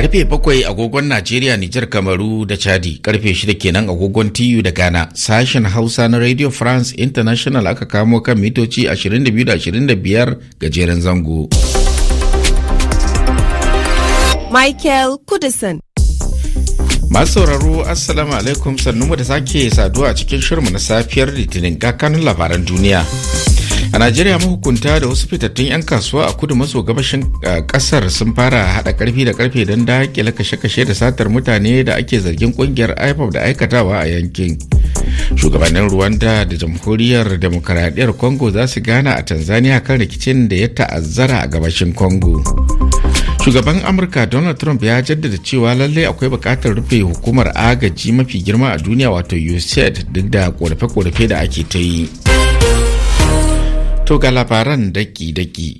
karfe bakwai agogon Najeriya, Nijar, Kamaru da Chadi, karfe shida kenan agogon TU da Ghana. Sashen Hausa na Radio France International aka kamo kan mitoci 22 25 gajeren zango. Michael Kudison Masu sauraro Assalamu alaikum sannu da sake saduwa cikin shirmu na safiyar Litinin kakanin labaran duniya. a najeriya mahukunta da wasu fitattun 'yan kasuwa a kudu maso gabashin kasar eh, sun fara haɗa karfi da karfe don dakile kashe-kashe da satar mutane da ake zargin ƙungiyar ipob da aikatawa a yankin shugabannin rwanda da jamhuriyar demokaradiyyar congo za su gana a tanzania kan rikicin da ya ta'azzara a gabashin congo shugaban amurka donald trump ya jaddada cewa lallai akwai bukatar rufe hukumar agaji mafi girma a duniya wato usaid duk da korafe-korafe da ake ta yi To ga labaran daki-daki.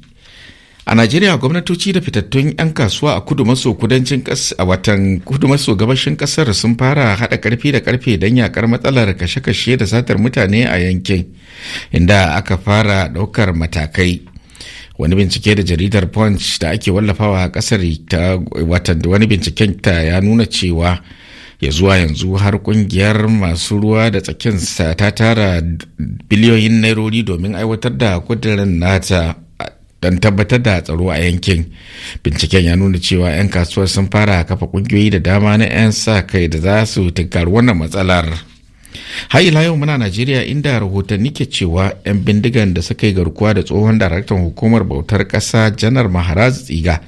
A Najeriya gwamnatoci da fitattun 'yan kasuwa a kudu maso kudancin a watan kudu maso gabashin kasar sun fara haɗa karfi da karfe don yakar matsalar kashe-kashe da satar mutane a yankin inda aka fara ɗaukar matakai. Wani bincike da jaridar Punch da ake wallafawa a kasar wani binciken ta ya nuna cewa ya zuwa yanzu har kungiyar masu ruwa da tsakin ta tara biliyoyin nairori domin aiwatar da kudirin nata don tabbatar da tsaro a yankin binciken ya nuna cewa 'yan kasuwar sun fara kafa kungiyoyi da dama na 'yan sa kai da za su tunkari wannan matsalar har ila yau muna najeriya inda rahoton ke cewa 'yan bindigan da suka yi garkuwa da tsohon daraktan hukumar bautar ƙasa janar maharaz tsiga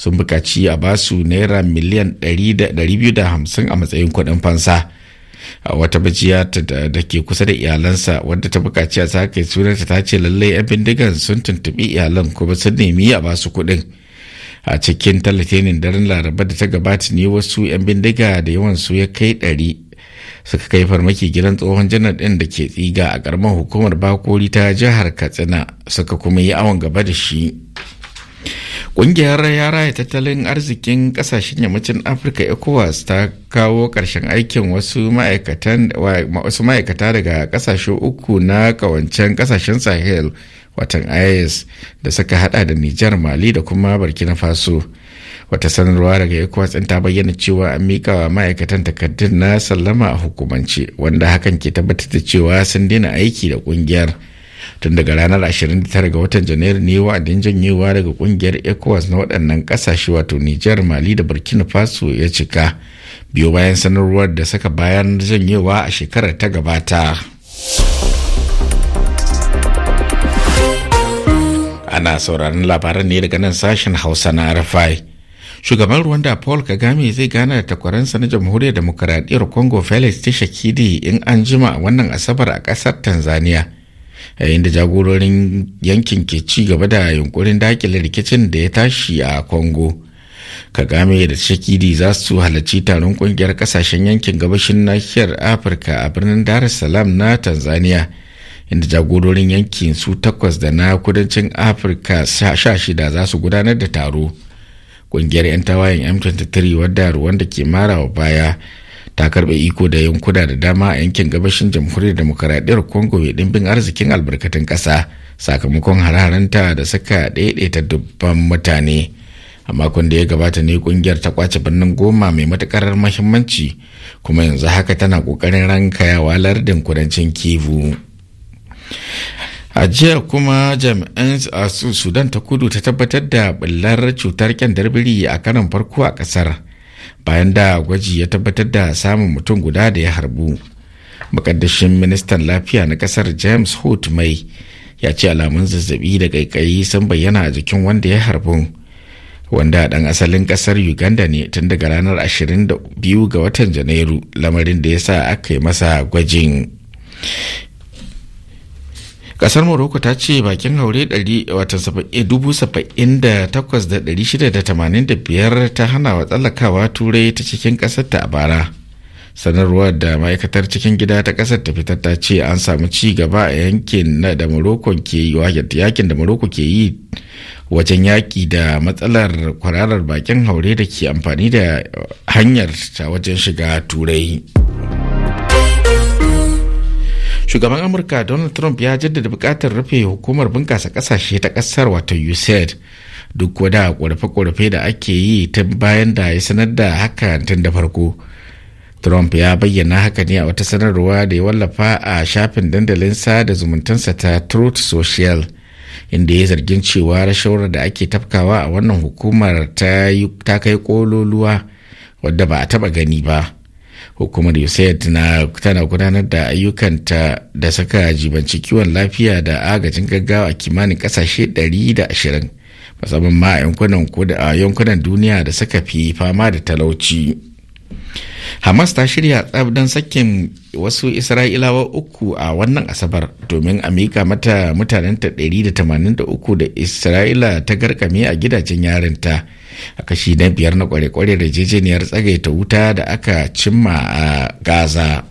sun bukaci a basu naira miliyan 250 a matsayin kuɗin fansa a wata bajiya da ke kusa da iyalansa wadda ta bukaci a sakai sunanta ta ce lallai 'yan bindigan sun tuntuɓi iyalan kuma sun nemi a basu kuɗin a cikin talatinin daren laraba da ta gabata ne wasu 'yan bindiga da yawan su ya kai ɗari suka kai farmaki gidan tsohon janar ɗin da ke tsiga a ƙaramar hukumar bakori ta jihar katsina suka kuma yi awon gaba da shi Ƙungiyar ya tattalin arzikin kasashen yammacin Afirka ECOWAS ta kawo ƙarshen aikin wasu ma'aikata daga kasashe uku na ƙawancen kasashen Sahel watan IS da suka hada da Nijar Mali da kuma Burkina Faso. Wata sanarwa daga ECOWAS ta bayyana cewa an miƙa wa ma'aikatan takardun na sallama a hukumance wanda hakan ke tabbatar da cewa sun daina aiki da ƙungiyar. tun daga ranar 29 ga watan janairu ne wa'adin janyewa daga kungiyar ecowas na waɗannan ƙasashe wato Niger, mali da burkina faso ya cika biyo bayan sanarwar da saka bayan janyewa a shekarar ta gabata ana sauraron labaran ne daga nan sashen hausa na rfi shugaban da paul kagame zai gana da takwaransa na jamhuriyar demokaradiyyar congo felix tshisekedi in an jima wannan asabar a ƙasar tanzania yayin da jagororin yankin ke ci gaba da yunkurin dakile rikicin da ya tashi a congo kagame da shakidi za su halarci taron kungiyar kasashen yankin gabashin nahiyar afirka a birnin dar es salaam na tanzania inda jagororin yankin su takwas da na kudancin afirka sha shida za su gudanar da taro kungiyar 'yan tawayen m23 wadda ruwan da ke marawa baya ta karɓe iko da yankuna da dama a yankin gabashin jamhuriyar demokaradiyyar congo mai dimbin arzikin albarkatun ƙasa sakamakon hararanta da suka daidaita dubban mutane a makon da ya gabata ne kungiyar ta kwace birnin goma mai matukar mahimmanci kuma yanzu haka tana kokarin rankayawa lardin kudancin kivu a jiya kuma jami'an a sudan ta kudu ta tabbatar da bullar cutar kyandar biri a karon farko a kasar bayan da gwaji ya tabbatar da samun mutum guda da ya harbu makaddashin ministan lafiya na kasar james hood mai ya ce alamun zazzabi da kaikayi sun bayyana a jikin wanda ya harbu wanda dan asalin kasar uganda ne tun daga ranar 22 ga watan janairu lamarin da ya sa aka yi masa gwajin kasar morocco ta ce bakin haure 78,685 ta hana wa tsallakawa turai ta cikin kasar ta a bara sanarwar da ma'aikatar cikin gida ta kasar ta fitar ta ce an samu ci gaba a yankin da morocco ke yi yakin da morocco ke yi wajen yaki da matsalar kwararar bakin haure da ke amfani da hanyar ta wajen shiga turai. shugaban amurka donald trump ya jaddada bukatar rufe hukumar bunkasa kasashe ta kasar wato usaid duk wada ƙorafe-ƙorafe da ake yi tun bayan da ya sanar da haka tun da farko trump ya bayyana haka ne a wata sanarwa da ya wallafa a shafin dandalin da zumuntansa ta truth social inda ya zargin cewa rashawar da ake tafkawa a wannan hukumar ta kai kololuwa wadda ba a taba gani ba hukumar usaid na tana gudanar da ayyukanta da saka jibanci kiwon lafiya da agajin gaggawa a kimanin kasashe 120 musamman ma a yankunan duniya da suka fi fama da talauci hamas ta shirya tsab don sakin wasu isra'ilawa uku a wannan asabar domin a mata mutanenta 183 da isra'ila ta garkame a gidajen yarinta. ta a kashi na biyar na kware-kware da jejeniyar tsagaita wuta da aka cimma a gaza.